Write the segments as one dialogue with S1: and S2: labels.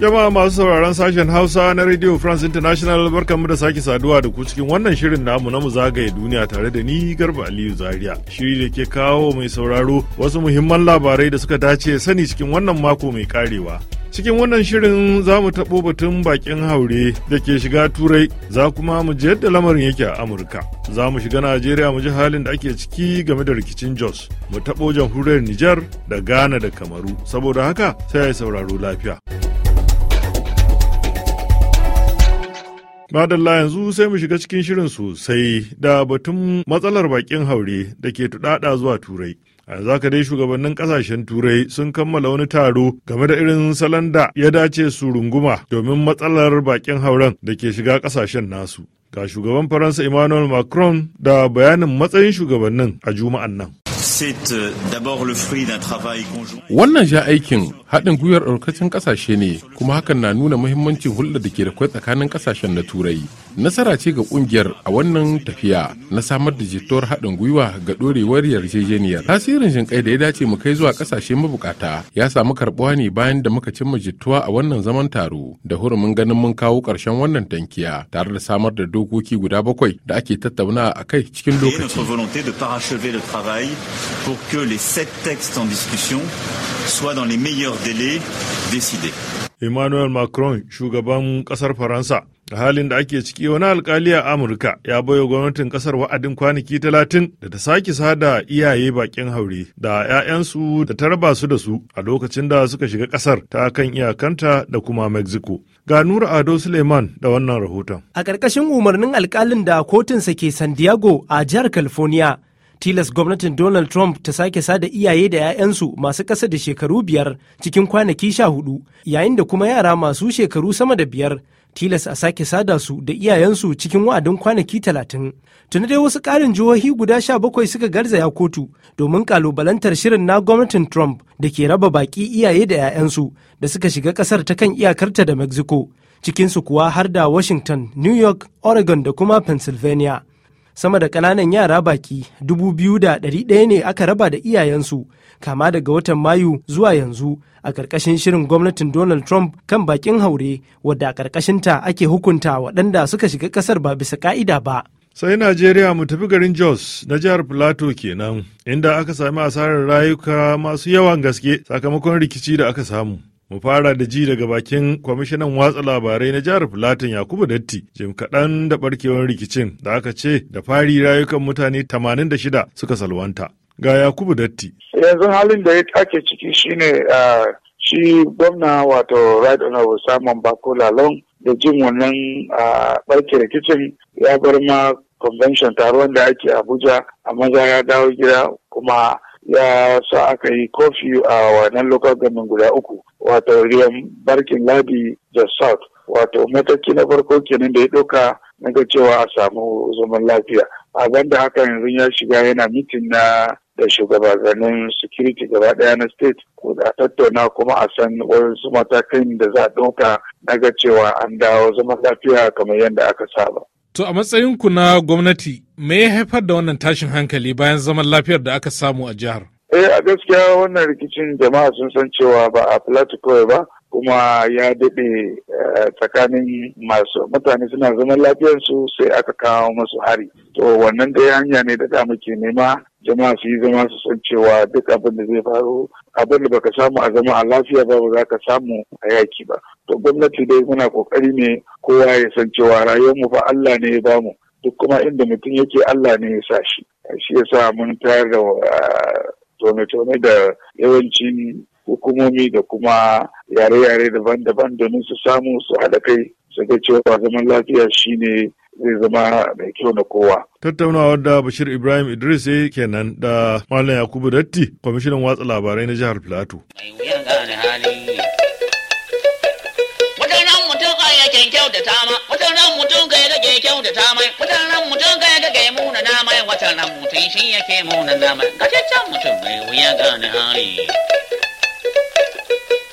S1: Jama'a masu sauraron sashen Hausa na Radio France International barkanmu da sake saduwa da ku cikin wannan shirin namu na mu zagaye duniya tare da ni Garba Aliyu Zaria. Shiri da ke kawo mai sauraro wasu muhimman labarai da suka dace sani cikin wannan mako mai karewa. cikin wannan shirin za mu taɓo batun bakin haure da ke shiga turai za kuma mu ji yadda lamarin yake a amurka za mu shiga najeriya mu ji halin da ake ciki game da rikicin jos mu taɓo jamhuriyar nijar da ghana da kamaru saboda haka sai ya sauraro lafiya. Madalla yanzu sai mu shiga cikin shirin sosai da batun matsalar bakin haure da ke tuɗaɗa zuwa turai. a yanzu haka dai shugabannin kasashen turai sun kammala wani taro game da irin salon da ya dace su runguma domin matsalar bakin hauren da ke shiga kasashen nasu. Ga shugaban Faransa Emmanuel Macron da bayanin matsayin shugabannin a juma'an nan.
S2: Euh,
S1: Wannan sha aikin haɗin gwiwar ɗaukacin
S3: ƙasashe ne kuma hakan na nuna muhimmancin hulɗar da ke da kwai tsakanin ƙasashen na Turai. nasara ce ga kungiyar a wannan tafiya na samar da jituwar haɗin gwiwa ga ɗorewar yarjejeniyar tasirin shinkai da ya dace mu kai zuwa ƙasashe mabukata ya samu karɓuwa ne bayan da muka cimma jituwa a wannan zaman taro da hurumin ganin mun kawo ƙarshen wannan tankiya tare da samar da dokoki guda bakwai da ake tattauna a kai cikin lokaci
S2: pour que les textes en discussion dans les meilleurs délais
S1: Emmanuel Macron, shugaban kasar Faransa, a halin da ake ciki wani alkali a amurka ya baiwa gwamnatin kasar wa'adin kwanaki talatin da ta sake sada iyaye bakin haure da 'ya'yansu da ta raba su da su a lokacin da suka shiga kasar ta kan iyakanta da kuma mexico ga nura ado suleiman da wannan rahoton
S4: a ƙarƙashin umarnin alkalin da kotunsa ke san diego a jihar california tilas gwamnatin Donald Trump ta sake sada iyaye da 'ya'yansu masu ƙasa da shekaru biyar cikin kwanaki sha hudu, yayin da kuma yara masu shekaru sama da biyar tilas a sake sada su da iyayensu cikin wa'adin kwanaki talatin. tuna dai wasu ƙarin jihohi guda sha bakwai suka garzaya kotu domin kalubalantar shirin na gwamnatin Trump da ke raba baƙi iyaye da 'ya'yansu da suka shiga ƙasar ta kan iyakarta da Mexico, cikinsu kuwa har da Washington, New York, Oregon da kuma Pennsylvania. Sama da ƙananan yara baƙi dubu biyu da ɗari ɗaya ne aka raba da iyayensu kama daga watan Mayu zuwa yanzu a ƙarƙashin shirin gwamnatin Donald Trump kan bakin haure wadda a ta ake hukunta waɗanda suka shiga ƙasar ba bisa ƙa'ida ba.
S1: Sai Najeriya mu tafi garin Jos na jihar Plateau kenan, inda aka sami asarar rayuka masu yawan gaske sakamakon rikici da aka samu. Mu fara da ji daga bakin kwamishinan watsa labarai na jihar Filatin Yakubu Datti, jim kaɗan da ɓarkewar rikicin da aka ce da fari rayukan mutane 86 suka salwanta. ga Yakubu Datti.
S5: Yanzu halin da ya take ciki shine shi gwamna wato Right Honorable Simon Bako Lalong da jin wannan barke rikicin ya bar ma convention taron da ake Abuja a maza ya dawo gida kuma ya sa aka yi kofi a wannan local government guda uku wato riyan barkin labi da south wato mataki na farko kenan da ya ɗauka na ga cewa a samu zaman lafiya a banda haka yanzu ya shiga yana mitin na da shugabannin security gaba daya na state ko da tattauna kuma a san wasu matakan da za a ɗauka na ga cewa an dawo zama lafiya kamar yadda aka saba.
S1: To a matsayin ku na gwamnati me ya haifar da wannan tashin hankali bayan zaman lafiyar da aka samu a jihar?
S5: Eh a gaskiya wannan rikicin jama'a sun san cewa ba a Plateau ba kuma ya daɗe eh, tsakanin masu mutane suna zaman lafiyarsu sai aka kawo masu hari to wannan dai hanya ne da ta muke nema jama'a su yi zama su san cewa duk abin da zai faru abin da baka samu a zama a lafiya ba ba za ka samu a yaki ba to gwamnati dai muna kokari ne kowa ya san cewa mu fa Allah ne ya bamu duk kuma inda mutum yake Allah ne ya sa shi shi yasa mun tayar da eh, tone-tone da yawancin hukumomi da kuma yare-yare daban-daban domin su samu su haɗa kai su ga cewa zaman lafiya shine zai zama mai kyau na kowa.
S1: Tattaunawa da Bashir Ibrahim Idris ya eh, kenan da Malam Yakubu Datti, kwamishinan watsa labarai na jihar Filato.
S6: Watan nan mutum shi yake muna nama, ga mutum mai wuya gane hali.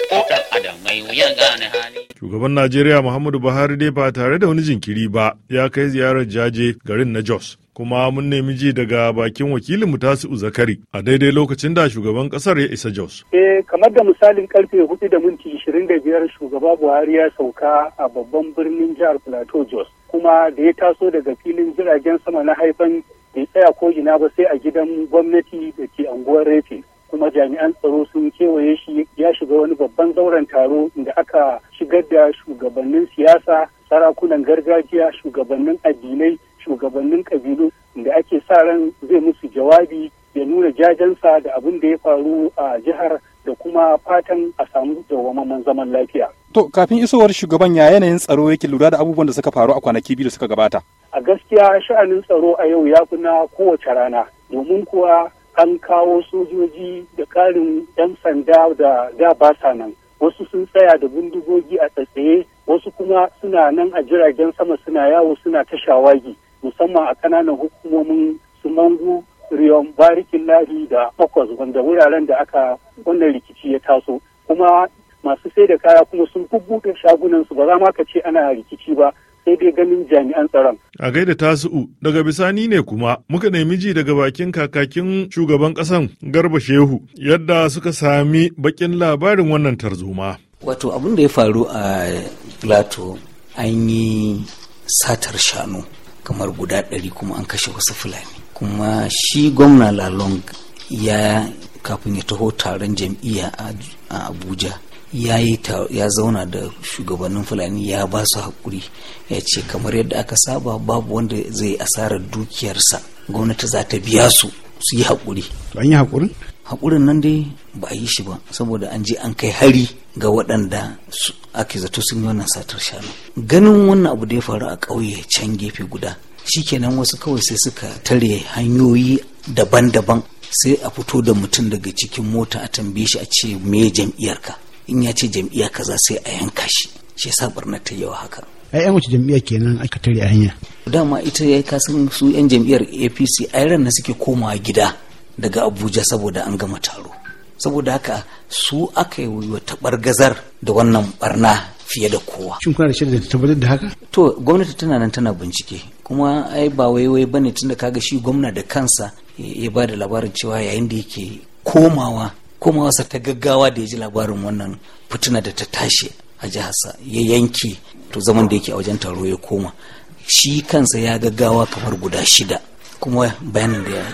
S6: ko adam mai wuya gane
S1: hali. Shugaban Najeriya Muhammadu Buhari dai ba tare da wani jinkiri ba ya kai ziyarar jaje garin na Jos. Kuma mun nemi ji daga bakin wakilin mu Tasi'u Zakari a daidai lokacin da shugaban kasar ya isa Jos.
S2: Eh kamar da misalin karfe hudu da minti ishirin da biyar shugaba Buhari ya sauka a babban birnin jihar Plateau Jos. Kuma da ya taso daga filin jiragen sama na haifan bai tsaya ko ina ba sai a gidan gwamnati da ke anguwar Refi. kuma jami'an tsaro sun kewaye shi ya shiga wani babban zauren taro da aka shigar da shugabannin siyasa sarakunan gargajiya shugabannin addinai shugabannin kabilu da ake sa ran zai musu jawabi ya nuna jajensa da abin da ya faru a jihar da kuma fatan a samu dawwammamen zaman lafiya.
S7: To kafin isowar shugaban ya yanayin tsaro yake lura da abubuwan da suka faru a kwanaki biyu da suka gabata.
S2: A gaskiya sha'anin tsaro a yau ya kuna kowace rana domin kuwa an kawo sojoji da karin 'yan sanda da da basa nan wasu sun tsaya da bindigogi a tsatsaye wasu kuma suna nan a jiragen sama suna yawo suna ta shawagi musamman a kananan hukumomin su mangu riyon barikin lahi da akwas wanda wuraren da aka wannan rikici ya taso kuma masu sai da kaya kuma sun bubbuɗe shagunan su ba za ma ka ce ana rikici ba sai dai ganin jami'an tsaron.
S1: A gaida tasu'u daga bisani ne kuma muka nemi ji daga bakin kakakin shugaban ƙasan Garba Shehu yadda suka sami bakin labarin wannan tarzoma. Wato abin
S6: da ya faru a Plato an yi satar shanu kamar guda ɗari kuma an kashe wasu fulani. Kuma shi gwamna Lalong ya kafin ya taho taron jam'iyya a Abuja ya zauna da shugabannin fulani ya ba su haƙuri ya ce kamar yadda aka saba babu wanda zai asarar dukiyarsa gwamnati za ta biya su su yi haƙuri an yi haƙurin haƙurin nan dai ba a yi shi ba saboda an je an kai hari ga waɗanda ake zato sun yi wannan satar shanu ganin wannan abu da ya faru a ƙauye can gefe guda shi kenan wasu kawai sai suka tare hanyoyi daban-daban sai a fito da mutum daga cikin mota a tambaye shi a ce me jam'iyyarka in ya ce jam'iyya kaza sai a yanka shi shi yasa barna ta yawa haka
S4: ai yan wace jam'iyya kenan aka tare a hanya
S6: dama ita yayi kasan su yan jam'iyyar APC a ran na suke komawa gida daga Abuja saboda an gama taro saboda haka su aka yi wa gazar da wannan barna fiye da kowa. Shin kuna da shirin da tabbatar da haka? To gwamnati tana nan tana bincike kuma ai ba waiwai bane tunda kaga shi gwamna da kansa ya ba da labarin cewa yayin da yake komawa wasa ta gaggawa da ya ji labarin wannan fitina da ta tashi a jiharsa ya yanke to zaman da yake a wajen taro ya koma shi kansa ya gaggawa kamar guda shida kuma bayanin da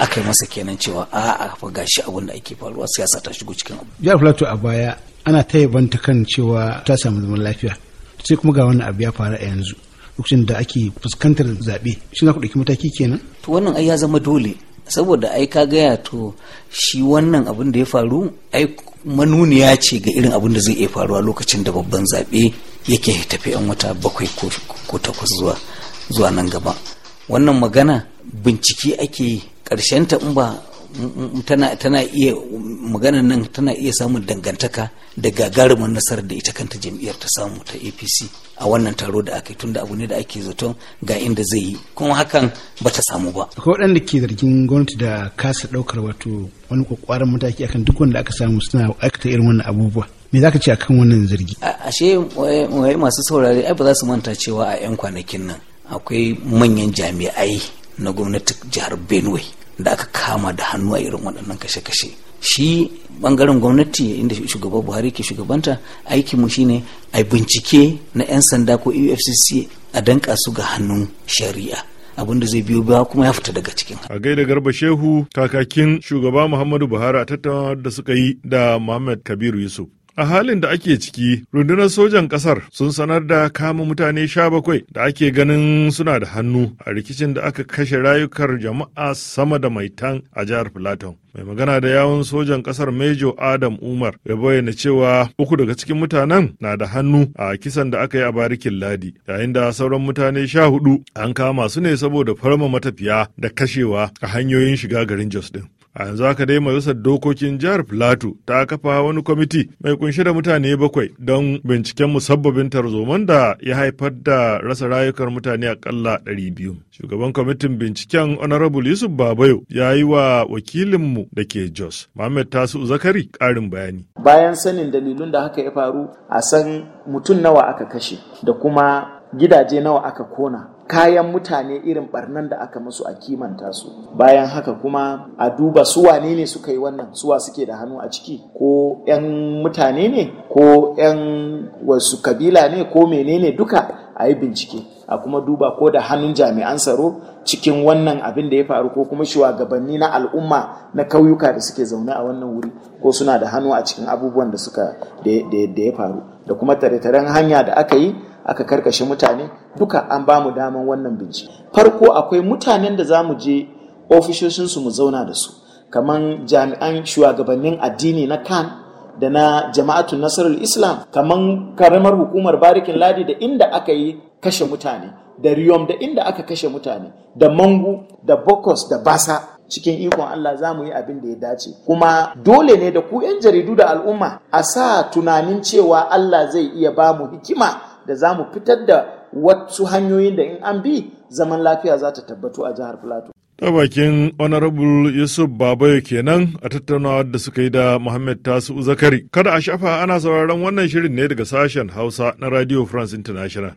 S6: aka yi masa kenan cewa a'a fa gashi abin da ake faruwa siyasa ta shigo cikin abu
S4: jihar plateau a baya ana ta banta kan cewa ta samu zaman lafiya sai kuma ga wannan abu ya faru a yanzu lokacin da ake fuskantar zaɓe shi na ku ɗauki mataki kenan
S6: to wannan ai ya zama dole saboda ai ka gaya to shi wannan abin da ya faru ai manuniya ce ga irin abin da zai iya faruwa lokacin da babban zaɓe yake tafi yan wata bakwai ko takwas zuwa zuwa nan gaba wannan magana bincike ake yi ƙarshenta in ba tana iya maganar nan tana iya samun dangantaka da gagarumin nasarar da ita kanta jam'iyyar ta samu ta apc a wannan taro da aka yi tunda abu ne da ake zato ga inda zai yi kuma hakan ba ta samu ba
S4: akwai waɗanda ke zargin gwamnati da kasa ɗaukar wato wani kwakwaran mataki akan duk wanda aka samu suna aikata irin wannan abubuwa me za ka ce akan wannan
S6: zargi ashe masu saurari ai ba za su manta cewa a 'yan kwanakin nan akwai manyan jami'ai na gwamnati jihar benue da aka kama da hannu a irin waɗannan kashe-kashe shi ɓangaren gwamnati inda shugaba buhari ke shugabanta mu shine a bincike na 'yan sanda ko efcc a danka su ga hannun shari'a abin da zai biyo ba kuma ya fita daga cikin a gaida garba shehu kakakin
S1: shugaba muhammadu buhari a tattaunawar da suka yi da muhammad kabiru yusuf A halin da ake ciki, rundunar sojan ƙasar sun sanar da kama mutane sha bakwai da ake ganin suna da hannu a rikicin da aka kashe rayukar jama'a sama da mai tan a jihar Filaton. Mai magana da yawon sojan ƙasar Mejo Adam Umar ya bayyana cewa uku daga cikin mutanen na da hannu a kisan da aka yi a barikin ladi, yayin da sauran mutane sha hudu an kama su ne saboda farma matafiya da kashewa a hanyoyin shiga garin Jos ɗin. a yanzu haka dai majalisar dokokin jihar plateau ta kafa wani kwamiti mai kunshe da mutane bakwai don binciken musabbabin tarzoman da ya haifar da rasa rayukan mutane akalla biyu shugaban kwamitin binciken honorable yusuf babayo ya yi wa wakilinmu da ke jos mohammed tasu zakari ƙarin bayani
S4: bayan sanin dalilun da haka ya faru a san mutum nawa aka kashe da kuma gidaje nawa aka kona kayan mutane irin barnan da aka musu a kimanta su bayan haka kuma a duba su wanene ne suka yi wannan suwa suke da hannu a ciki ko 'yan mutane ne ko 'yan wasu kabila ne ko menene duka a yi bincike a kuma duba ko da hannun jami'an tsaro cikin wannan abin da ya faru ko kuma shugabanni na al'umma na kauyuka da suke zaune a wannan wuri ko suna da hannu a cikin abubuwan da suka da ya faru da kuma tare-taren hanya da aka yi aka karkashe mutane duka an bamu mu daman wannan bincike farko akwai mutanen da za mu je ofishoshinsu mu zauna da su kamar jami'an shugabannin addini na kan da na jama'atu nasarar islam kamar karamar hukumar barikin ladi da inda aka yi kashe mutane da riyom da inda aka kashe mutane da mangu da bokos da basa cikin ikon Allah za mu yi abin da ya dace kuma dole ne da ku 'yan jaridu da al'umma a sa tunanin cewa Allah zai iya ba mu hikima da za mu fitar da wasu hanyoyin da in an bi zaman lafiya za ta tabbatu a jihar Plateau.
S1: Ta bakin Honorable Yusuf Babayo kenan a tattaunawar da suka yi da Muhammad Tasu Zakari. Kada a shafa ana sauraron wannan shirin ne daga sashen Hausa na Radio France International.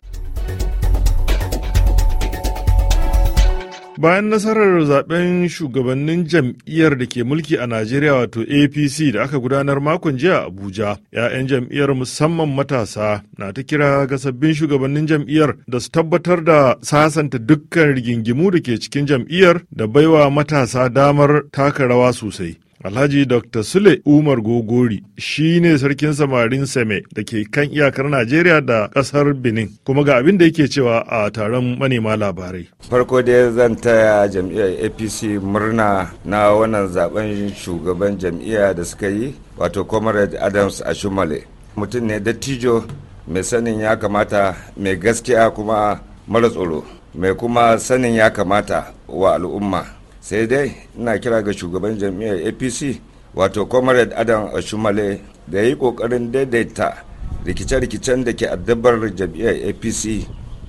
S1: bayan nasarar zaben shugabannin jam'iyyar da ke mulki a najeriya wato apc da aka gudanar makon jiya a abuja 'ya'yan jam'iyyar musamman matasa na ta kira ga sabbin shugabannin jam'iyyar da su tabbatar da sasanta dukkan rigingimu da ke cikin jam'iyyar da baiwa matasa damar taka rawa sosai Alhaji Dr. Sule Umar Gogori shi ne sarkin samarin Seme da ke kan iyakar Najeriya da kasar Benin kuma ga abin da yake cewa a taron manema labarai.
S3: Farko dai zan taya jam'iyyar APC murna na wannan zaben shugaban jam'iyya da suka yi wato Comrade Adams Ashumale. Mutum ne dattijo mai sanin ya kamata mai gaskiya kuma mara tsoro mai kuma sanin ya kamata wa al'umma. sai dai ina kira ga shugaban jam'iyyar apc wato comrade adam oshumale da ya yi kokarin daidaita rikice-rikicen da ke addabar jam'iyyar apc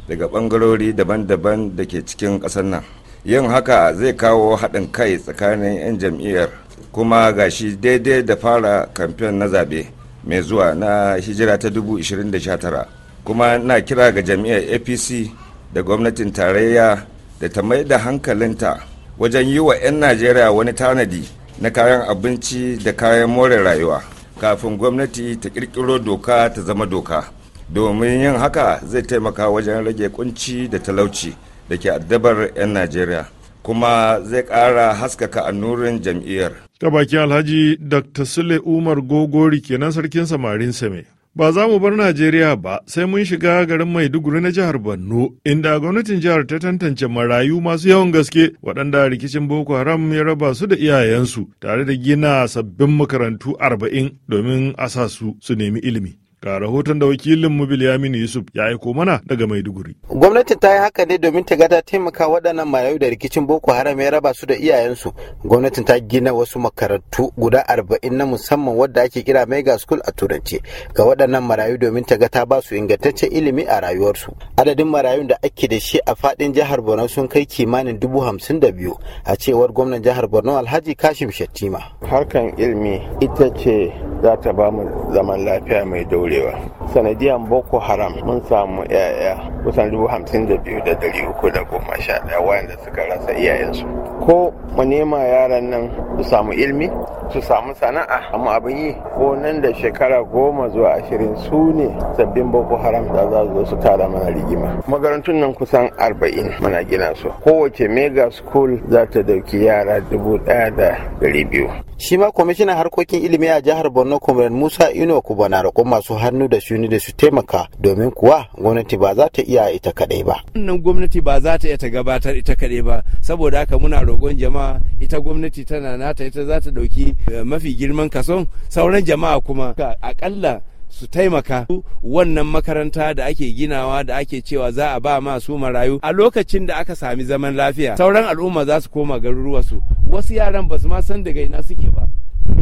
S3: daga bangarori daban-daban da ke cikin ƙasar nan yin haka zai kawo haɗin kai tsakanin 'yan jam'iyyar kuma gashi daidai da fara kamfen na zaɓe mai zuwa na hijira ta 2019 kuma na kira ga jam'iyyar apc da gwamnatin tarayya da ta mai da hankalinta wajen yi wa 'yan najeriya wani tanadi na kayan abinci da kayan more rayuwa kafin gwamnati ta kirkiro doka ta zama doka domin yin haka zai taimaka wajen rage kunci da talauci da ke addabar 'yan najeriya kuma zai ƙara haskaka annurin jam'iyyar
S1: ta baki alhaji dr sule umar gogori kenan sarkin samarin same Ba za mu bar Najeriya ba sai mun shiga garin Maiduguri na jihar Borno, inda gwamnatin jihar ta tantance marayu masu yawan gaske waɗanda rikicin Boko Haram ya raba su da iyayensu tare da gina sabbin makarantu arba'in domin a su su nemi ilimi. Ga rahoton da wakilin mu Bilyaminu Yusuf ya aiko mana daga Maiduguri.
S4: Gwamnati ta yi haka ne domin ta ga ta taimaka waɗannan marayu da rikicin Boko Haram ya raba su da iyayensu. Gwamnatin ta gina wasu makarantu guda arba'in na musamman wadda ake kira Mega School a Turanci ga waɗannan marayu domin ta ga ta ba su ingantaccen ilimi a rayuwarsu. Adadin marayun da ake da shi a faɗin jihar Borno sun kai kimanin dubu hamsin da biyu a cewar gwamnan jihar Borno Alhaji Kashim shattima Harkan ilimi ita ce za ta ba mu zaman lafiya mai dauri. ɗorewa
S7: sanadiyan boko haram mun samu yaya kusan dubu hamsin da biyu da dari uku da goma sha wayanda suka rasa iyayensu ko mu nema yaran nan su samu ilmi su samu sana'a amma abin yi ko nan da shekara goma zuwa ashirin su ne sabbin boko haram da za zo su tara mana rigima makarantun nan kusan arba'in muna
S4: gina su kowace mega school za ta dauki yara dubu ɗaya da dari biyu shi ma kwamishinan harkokin ilimi a jihar borno comrade musa ino kuba na roƙon masu hannu da shuni da su taimaka domin kuwa gwamnati ba za ta iya ita kaɗai ba wannan gwamnati ba za ta
S3: iya ta gabatar ita kaɗai ba saboda haka muna roƙon jama'a ita gwamnati tana nata ita za ta ɗauki eh, mafi girman kason sauran jama'a kuma aƙalla su taimaka wannan makaranta da ake ginawa da ake cewa za a ba ma su marayu a lokacin da aka sami zaman lafiya sauran al'umma za su koma garuruwarsu wasu yaran ba su ma san daga ina suke ba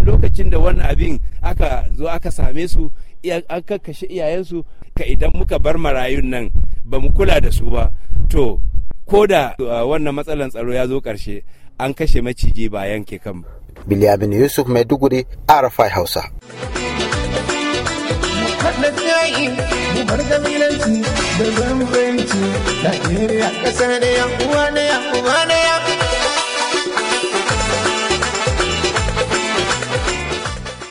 S3: lokacin da wannan abin aka zo aka same su an kakkashe iyayensu ka idan muka bar marayun nan ba mu kula da su ba to ko da wannan matsalan tsaro ya zo karshe an kashe maciji ba yanke kan ba.
S4: Yusuf Maiduguri, Arafai Hausa. haɗa yayi mu bar kabilanci da bambanci Najeriya ƙasa da ya uwa da ya uba da ya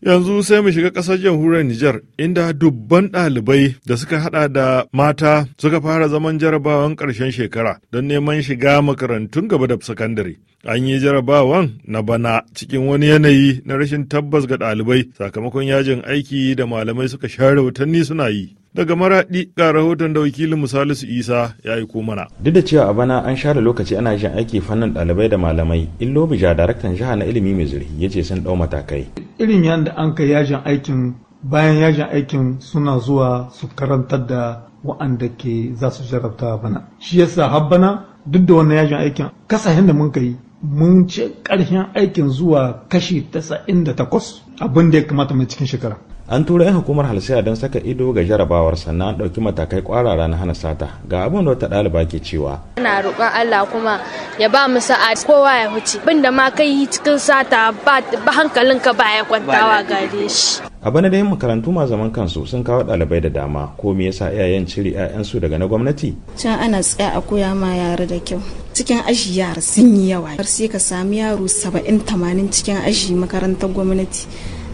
S1: Yanzu sai mu shiga ƙasar jamhuriyar Nijar inda dubban ɗalibai da suka hada da mata suka fara zaman jarabawan ƙarshen shekara don neman shiga makarantun gaba da sakandare. An yi jarabawan na bana cikin wani yanayi na rashin tabbas ga ɗalibai sakamakon yajin aiki da malamai suka share watanni suna yi. Daga maraɗi ga rahoton da wakilin Musalisu Isa ya yi mana. Duk da cewa a bana
S7: an share lokaci ana jin aiki fannin ɗalibai da malamai, Illo Bija daraktan jiha na ilimi mai zurfi ya ce sun ɗau matakai.
S4: Irin yadda an kai yajin aikin bayan yajin aikin suna zuwa su karantar da wa'anda ke za su jarabta bana. Shi yasa har bana duk da wannan yajin aikin kasahin da mun kai mun ce ƙarshen aikin zuwa kashi 98 abin da ya kamata mai cikin shekara. an tura 'yan hukumar halsiya don saka ido ga
S7: jarabawar sannan an ɗauki matakai kwarara na hana sata ga abin da wata ɗaliba ke cewa ana roƙon Allah kuma ya ba mu sa'a kowa ya huce bin ma kai cikin sata ba ka ba ya kwantawa gare shi a bana da makarantu ma zaman kansu sun kawo ɗalibai da dama ko me yasa iyayen cire 'ya'yansu daga na gwamnati
S6: can ana tsaya a koya ma yara da kyau cikin aji yara sun yi yawa sai ka sami yaro saba'in tamanin cikin aji makarantar gwamnati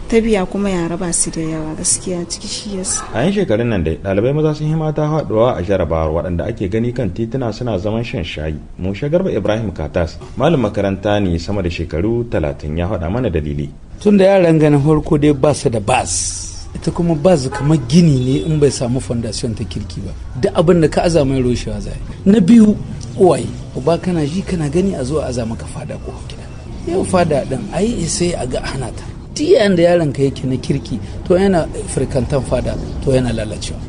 S6: ta biya kuma yara ba su da yawa gaskiya ciki shi yasa
S7: a yan shekarun nan dai ɗalibai maza sun hima mata haɗuwa a jarabawar waɗanda ake gani kan tituna suna zaman shan shayi mushe garba ibrahim katas malam makaranta ne sama da shekaru talatin ya faɗa mana dalili
S6: tun da yaran ganin farko dai ba su da bas ita kuma ba kamar gini ne in bai samu fondation ta kirki ba da abin da ka aza mai rushewa zai na biyu uwaye uba kana ji kana gani a zuwa a aza maka fada ko gida yau fada ɗin ai sai a ga hana ta diyan da yaron ka yake na kirki to yana firkantan fada to yana lalacewa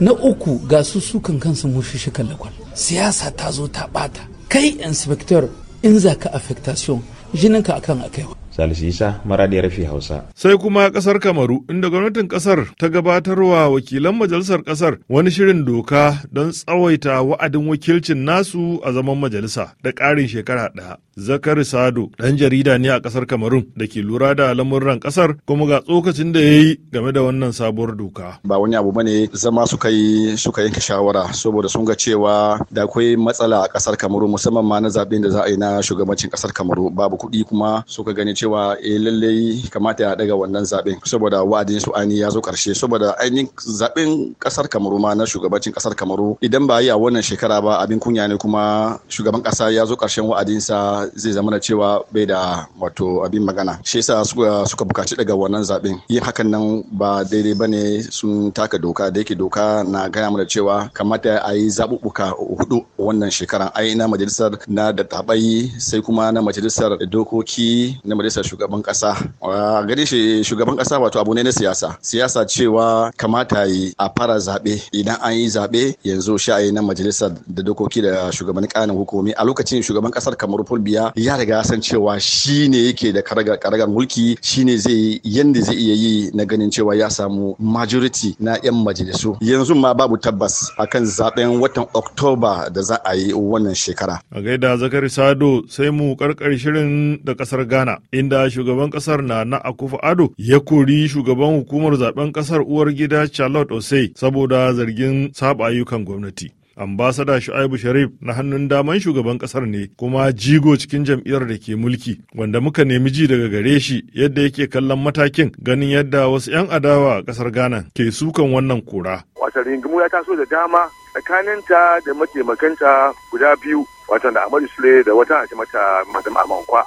S6: na uku ga su sukan kansu mushushukan lakwal siyasa ta zo ta bata kai inspector in za ka affectation jininka akan akaiwa
S7: Salisu Isa Maradiyar Fi Hausa.
S1: Sai kuma ƙasar Kamaru inda gwamnatin ƙasar ta gabatarwa wakilan majalisar ƙasar wani shirin doka don tsawaita wa'adin wakilcin nasu a zaman majalisa da ƙarin shekara ɗaya. Zakari Sado ɗan jarida ne a ƙasar Kamarun da ke lura da lamurran kasar kuma ga tsokacin da ya yi game da wannan sabuwar doka.
S8: Ba wani abu bane zama suka yi suka yanke shawara saboda sun ga cewa da akwai matsala a ƙasar Kamaru musamman ma na zaɓen da za a yi na shugabancin kasar Kamaru babu kuɗi kuma suka gani cewa cewa eh lallai kamata ya daga wannan zaben saboda wa'adin su ani ya zo karshe saboda ainihin zaben kasar Kamaru ma na shugabancin kasar Kamaru idan ba yi a wannan shekara ba abin kunya ne kuma shugaban kasa ya zo karshen wa'adinsa zai zama cewa bai da wato abin magana shi yasa suka suka bukaci daga wannan zaben yin hakan nan ba daidai bane sun taka doka da yake doka na gaya mana cewa kamata a yi zabubuka hudu wannan shekaran ai na majalisar na da tabai sai kuma na majalisar dokoki na majalisar shugaban kasa a shi shugaban kasa wato abu ne na siyasa siyasa cewa kamata yi a fara zaɓe idan an yi zaɓe yanzu sha'ayi na majalisar da dokoki da shugaban kanin hukumi a lokacin shugaban kasar kamar fulbiya ya riga ya san cewa shi ne yake da karagar mulki shi ne zai yanda zai iya yi na ganin cewa ya samu majority na 'yan majalisu yanzu ma babu tabbas akan zaben watan oktoba da za a yi wannan shekara
S1: a gaida zakari sado sai mu karkar shirin da kasar ghana inda shugaban kasar na na akufa ado ya kori shugaban hukumar zaben kasar uwar gida charlotte osei saboda zargin saba ayyukan gwamnati ambasada shu'aibu sharif na hannun daman shugaban kasar ne kuma jigo cikin jam'iyyar da ke mulki wanda muka nemi ji daga gare shi yadda yake kallon matakin ganin yadda wasu 'yan adawa a kasar ghana ke sukan wannan kura
S9: wata ringimu ya taso da dama tsakaninta da mataimakanta guda biyu wata da amadu sule da wata a mata madam amankwa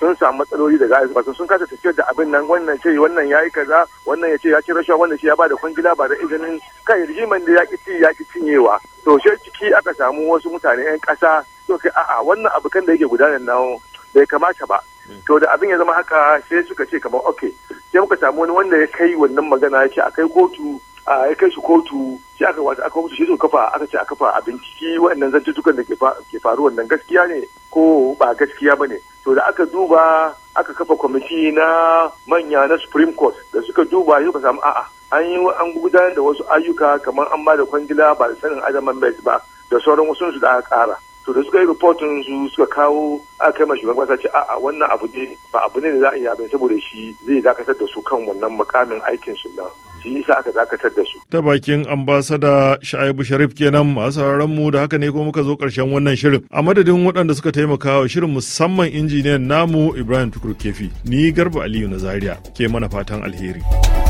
S9: sun samu matsaloli daga ayyuka sun kasa tafiyar da abin nan wannan ce wannan ya yi kaza wannan ya ce ya ci rashawa wannan shi ya ba da kwangila ba da izinin kai rijiman da ya ki ci ya ki cinyewa to shi ciki aka samu wasu mutane yan kasa to kai a'a wannan abu kan da yake gudanar nawo bai kamata ba to da abin ya zama haka sai suka ce kamar okay sai muka samu wani wanda ya kai wannan magana ya ce a kai kotu a ya kai su kotu sai aka wata aka mutu shi su kafa aka ce a kafa a binciki waɗannan zantutukan da ke faru wannan gaskiya ne ko ba gaskiya ba ne to da aka duba aka kafa kwamiti na manya na supreme court da suka duba yau ka samu a'a an yi an gudanar da wasu ayyuka kamar an ba da kwangila ba da sanin adaman bet ba da sauran wasu su da aka kara to da suka yi rahoton su suka kawo aka kai mashi kasa ce a'a wannan abu ne ba abu ne da za a yi abin saboda shi zai dakatar da su kan wannan mukamin aikin su nan shi isa aka dakatar da su.
S1: Ta bakin ambasada Sha'ibu Sharif kenan masu mu da haka ne ko muka zo karshen wannan shirin. A madadin waɗanda suka taimaka wa shirin musamman injiniyan namu Ibrahim Tukur Kefi, ni Garba Aliyu na Zaria ke mana fatan alheri.